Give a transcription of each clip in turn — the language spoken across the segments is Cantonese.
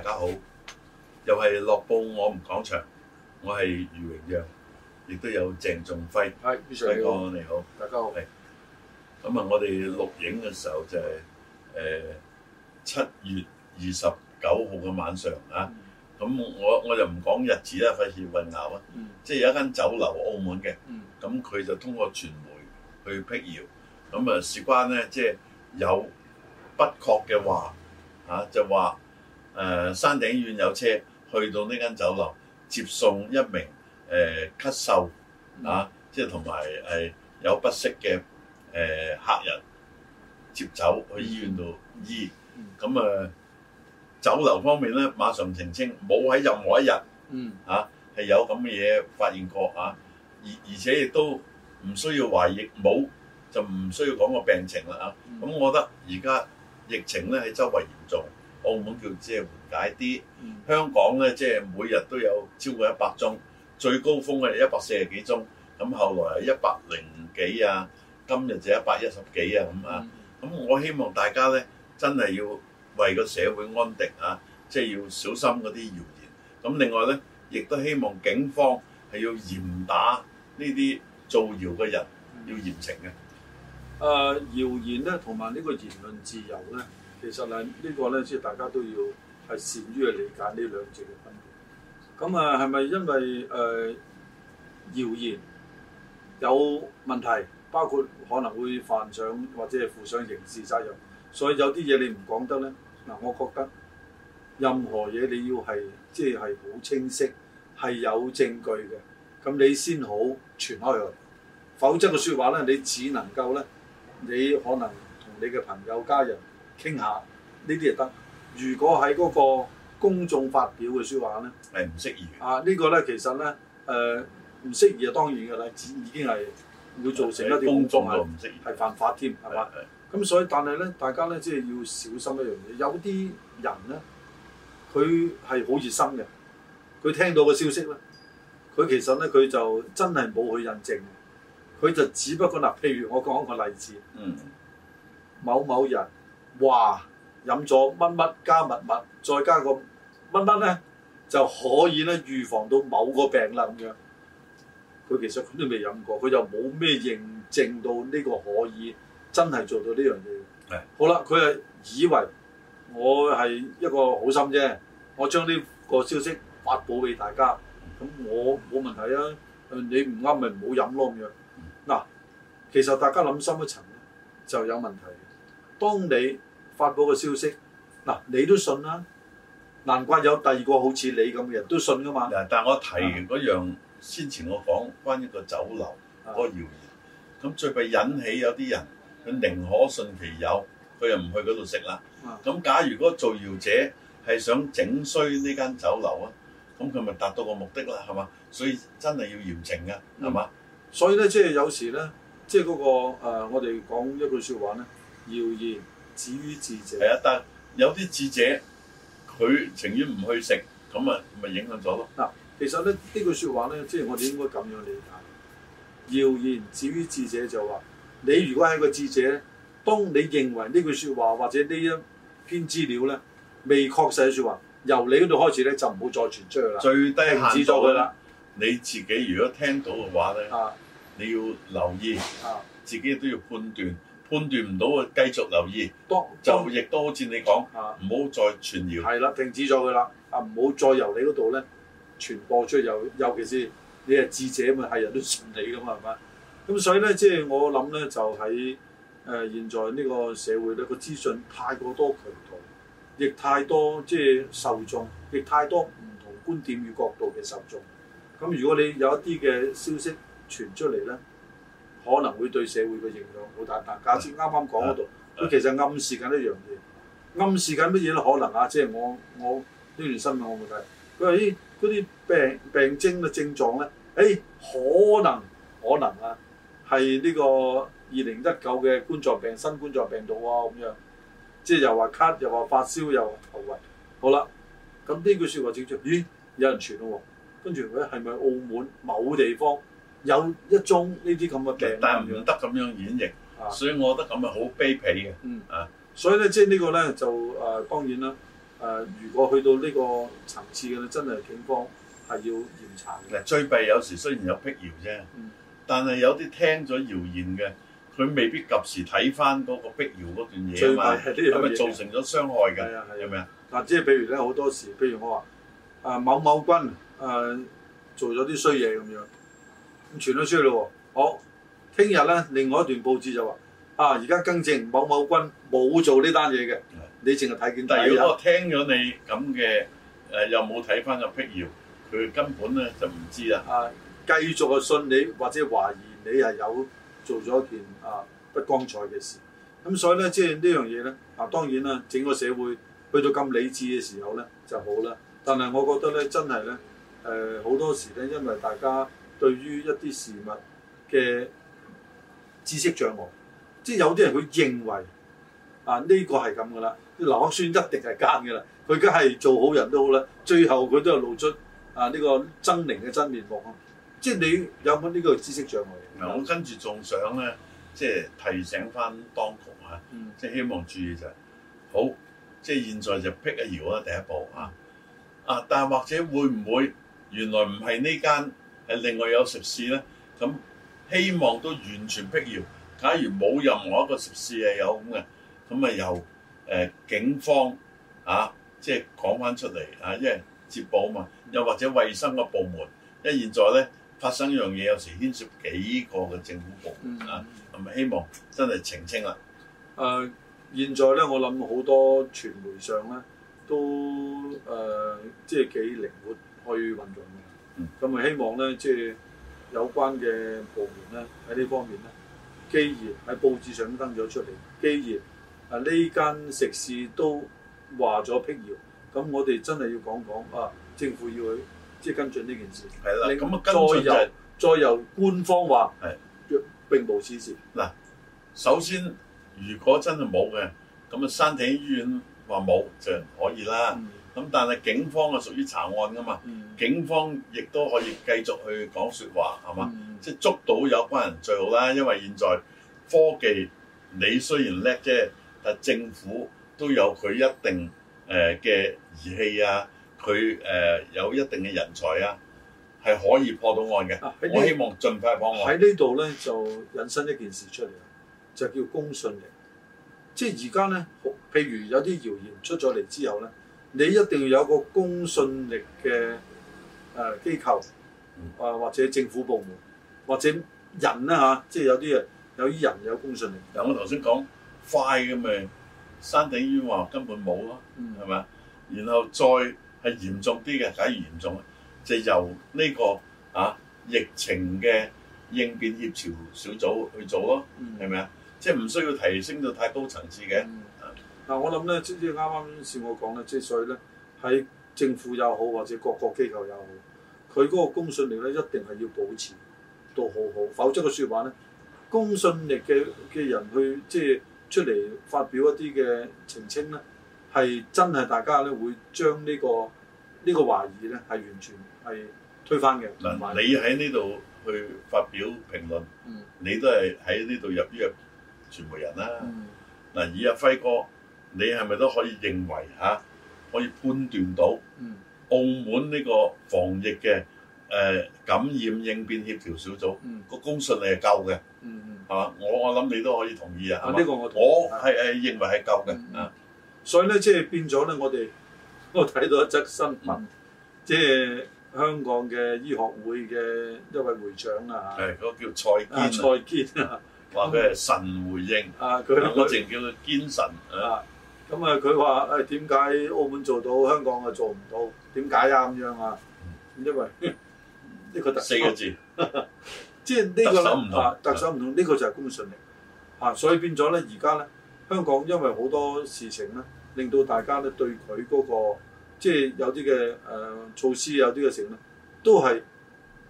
大家好，又係《樂報》我們講場，我係余榮陽，亦都有鄭仲輝輝哥，你好，大家好。咁啊，我哋錄影嘅時候就係誒七月二十九號嘅晚上啊。咁、mm. 我我就唔講日子啦，費事混淆啊。Mm. 即係有一間酒樓，澳門嘅，咁佢、mm. 就通過傳媒去辟謠。咁啊，事關咧，即係、就是、有不確嘅話啊，就話。誒山頂醫院有車去到呢間酒樓接送一名誒咳嗽啊，即係同埋係有不適嘅誒客人接走去醫院度醫。咁、啊、誒、啊、酒樓方面咧，馬上澄清冇喺任何一日嚇係、啊嗯、有咁嘅嘢發現過啊。而而且亦都唔需要懷疑，冇就唔需要講個病情啦啊。咁、啊嗯、我覺得而家疫情咧喺周圍嚴重。澳門叫即係緩解啲，香港咧即係每日都有超過一百宗，最高峰係一百四十幾宗，咁後來係一百零幾啊，今日就一百一十幾啊咁啊，咁、嗯、我希望大家咧真係要為個社會安定啊，即係要小心嗰啲謠言。咁另外咧，亦都希望警方係要嚴打呢啲造謠嘅人，嗯、要嚴懲嘅。誒、啊，謠言咧同埋呢個言論自由咧。其實係呢個咧，即係大家都要係善於去理解呢兩者嘅分別。咁啊，係咪因為誒、呃、謠言有問題，包括可能會犯上或者係負上刑事責任，所以有啲嘢你唔講得咧？嗱、啊，我覺得任何嘢你要係即係好清晰，係有證據嘅，咁你先好傳開去。否則嘅説話咧，你只能夠咧，你可能同你嘅朋友家人。傾下呢啲就得，如果喺嗰個公眾發表嘅說話咧，係唔適宜。啊，這個、呢個咧其實咧，誒、呃、唔適宜啊，當然嘅啦，已已經係會造成一啲公眾唔適宜，係犯法添，係嘛？咁是所以但係咧，大家咧即係要小心一樣嘢，有啲人咧，佢係好熱心嘅，佢聽到個消息咧，佢其實咧佢就真係冇去印證，佢就只不過嗱，譬如我講一個例子，嗯，某某人。哇！飲咗乜乜加乜乜，再加個乜乜咧，就可以咧預防到某個病啦咁樣。佢其實佢都未飲過，佢就冇咩認證到呢個可以真係做到呢樣嘢。係。好啦，佢係以為我係一個好心啫，我將呢個消息發佈俾大家，咁我冇問題啊。你唔啱咪唔好飲咯咁樣。嗱、啊，其實大家諗深一層就有問題。當你發佈個消息，嗱，你都信啦，難怪有第二個好似你咁嘅人都信噶嘛。但係我提嗰的樣先前我講關於個酒樓嗰的個謠言，咁最弊引起有啲人佢寧可信其有，佢又唔去嗰度食啦。咁的假如嗰造謠者係想整衰呢間酒樓啊，咁佢咪達到個目的啦，係嘛？所以真係要嚴懲嘅，係嘛、嗯？所以咧，即係有時咧，即係嗰、那個、呃、我哋講一句説話咧，謠言。止於智者係啊，但有啲智者佢情願唔去食，咁啊咪影響咗咯。嗱、啊，其實咧呢句説話咧，即、就、係、是、我哋應該咁樣理解。謠言止於智者就話，你如果係個智者，當你認為呢句説話或者呢一篇資料咧未確實嘅説話，由你嗰度開始咧就唔好再傳出去啦。最低限度咗佢啦。嗯、你自己如果聽到嘅話咧，啊、你要留意，啊、自己都要判斷。判斷唔到啊，繼續留意，多多就亦都好似你講，唔好、啊、再傳謠。係啦，停止咗佢啦，啊唔好再由你嗰度咧傳播出去，尤尤其是你係智者嘛，係人都信你噶嘛，係咪？咁所以咧，即係我諗咧，就喺誒、呃、現在呢個社會咧，個資訊太過多渠道，亦太多即係受眾，亦太多唔同觀點與角度嘅受眾。咁如果你有一啲嘅消息傳出嚟咧，可能會對社會嘅影響好大，但假設啱啱講嗰度，佢、嗯、其實暗示緊一樣嘢，暗示緊乜嘢咧？可能啊，即係我我呢段新聞我冇睇，佢話咦嗰啲病病徵嘅症狀咧，誒可能可能啊，係呢個二零一九嘅冠狀病新冠狀病毒喎咁樣，即係又話咳又話發燒又話頭暈，好啦，咁呢句説話正常。咦有人傳咯喎，跟住佢係咪澳門某地方？有一宗呢啲咁嘅病，但係唔用得咁樣演繹，吧所以我覺得咁啊好卑鄙嘅。嗯、啊，所以咧即係呢個咧就誒、是呃，當然啦。誒、呃，如果去到呢個層次嘅咧，真係警方係要嚴查嘅。最弊有時雖然有辟謠啫，嗯、但係有啲聽咗謠言嘅，佢未必及時睇翻嗰個辟謠嗰段嘢嘛，咁咪造成咗傷害嘅，係咪啊，啊？啊，即係譬如咧，好多時，譬如、啊、如、如我話誒某某君誒做咗啲衰嘢咁樣。傳咗出去咯喎！好聽日咧，另外一段報紙就話：啊，而家更正某某軍冇做呢單嘢嘅，的你淨係睇見低如果我聽咗你咁嘅誒，又冇睇翻個辟謠，佢根本咧就唔知啦。啊，繼續嘅信你或者懷疑你係有做咗件啊不光彩嘅事。咁所以咧，即係呢樣嘢咧，啊，當然啦，整個社會去到咁理智嘅時候咧就好啦。但係我覺得咧，真係咧，誒、呃、好多時咧，因為大家。對於一啲事物嘅知識障礙，即係有啲人佢認為啊呢、這個係咁噶啦，啲劉阿孫一定係奸噶啦，佢梗係做好人都好啦，最後佢都係露出啊呢、這個猙獰嘅真面目、啊、即係你有冇呢個知識障礙？嗱，我跟住仲想咧，即係提醒翻當局啊，即係希望注意就係、是、好，即係現在就闢一謠啊，第一步啊，啊但係或者會唔會原來唔係呢間？誒，另外有食肆咧，咁希望都完全辟謠。假如冇任何一個食肆係有咁嘅，咁啊由誒、呃、警方啊，即係講翻出嚟啊，因為接報啊嘛。又或者衞生嘅部門，因為現在咧發生一樣嘢，有時牽涉幾個嘅政府部門、嗯、啊，咁希望真係澄清啦。誒、呃，現在咧我諗好多傳媒上咧都誒、呃，即係幾靈活去運作咁咪、嗯、希望咧，即、就、係、是、有關嘅部門咧，喺呢方面咧，既然喺報紙上登咗出嚟，既然啊呢間食肆都話咗辟謠，咁我哋真係要講講啊，政府要去即係跟進呢件事。係啦，咁啊，跟進、就係、再由官方話係的並無此事。嗱，首先如果真係冇嘅，咁啊山頂醫院話冇就可以啦。嗯。咁但係警方係屬於查案噶嘛，嗯、警方亦都可以繼續去講説話，係嘛、嗯？即係捉到有關人最好啦，因為現在科技你雖然叻啫，但政府都有佢一定誒嘅、呃、儀器啊，佢誒、呃、有一定嘅人才啊，係可以破到案嘅。啊、我希望盡快破案。喺呢度咧就引申一件事出嚟，就叫公信力。即係而家咧，譬如有啲謠言出咗嚟之後咧。你一定要有個公信力嘅誒機構，啊、呃、或者政府部門，或者人啦嚇、啊，即係有啲啊有啲人有公信力。嗱我頭先講快嘅咪，山頂醫院話根本冇咯，係咪啊？然後再係嚴重啲嘅，假如嚴重咧，就由呢、這個啊疫情嘅應變協調小組去做咯，係咪啊？嗯、即係唔需要提升到太高層次嘅。嗯嗱、啊，我諗咧，即係啱啱先我講咧，即係所以咧，喺政府又好，或者各個機構又好，佢嗰個公信力咧，一定係要保持到好好，否則嘅説話咧，公信力嘅嘅人去即係出嚟發表一啲嘅澄清咧，係真係大家咧會將、這個這個、呢個呢個懷疑咧係完全係推翻嘅。嗱，你喺呢度去發表評論，嗯、你都係喺呢度入呢個傳媒人啦、啊。嗱、嗯，以阿輝哥。你係咪都可以認為嚇、啊？可以判斷到澳門呢個防疫嘅誒、呃、感染應變協調小組個、嗯、公信力係夠嘅，係嘛？我我諗你都可以同意啊。啊，呢、呢個我同意、啊、我係係認為係夠嘅啊、嗯。所以咧，即係變咗咧，我哋我睇到一則新聞，即係、嗯、香港嘅醫學會嘅一位會長啊，係嗰、啊、叫蔡堅、啊，蔡堅啊，話佢係神回應啊，佢嗰陣叫佢堅神啊。咁啊，佢話誒點解澳門做到香港啊做唔到？點解啊咁樣啊？因為呢 個特四個字，即係呢個啦，特首唔同。啊、特首唔同呢、呢個就係公信力嚇、啊，所以變咗咧，而家咧香港因為好多事情咧，令到大家咧對佢嗰、嗰個即係、即係、有啲嘅誒措施，有啲嘅事情咧，都係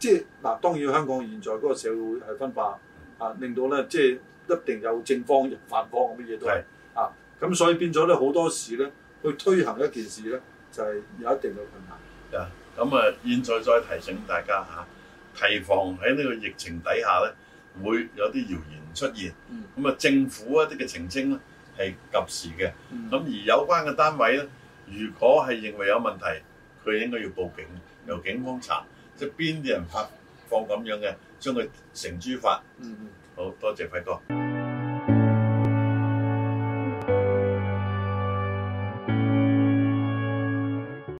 即係嗱，當然香港現在嗰個社會係分化啊，令到咧即係一定有正方、反方咁嘅嘢都係啊。啊。咁所以變咗咧，好多時咧去推行一件事咧，就係、是、有一定嘅困難。啊，咁啊，現在再提醒大家嚇，提防喺呢個疫情底下咧，會有啲謠言出現。咁啊、嗯，政府一啲嘅澄清咧係及時嘅。咁、嗯、而有關嘅單位咧，如果係認為有問題，佢應該要報警，由警方查，即係邊啲人發放咁樣嘅，將佢繩之於法。嗯嗯。好多謝費哥。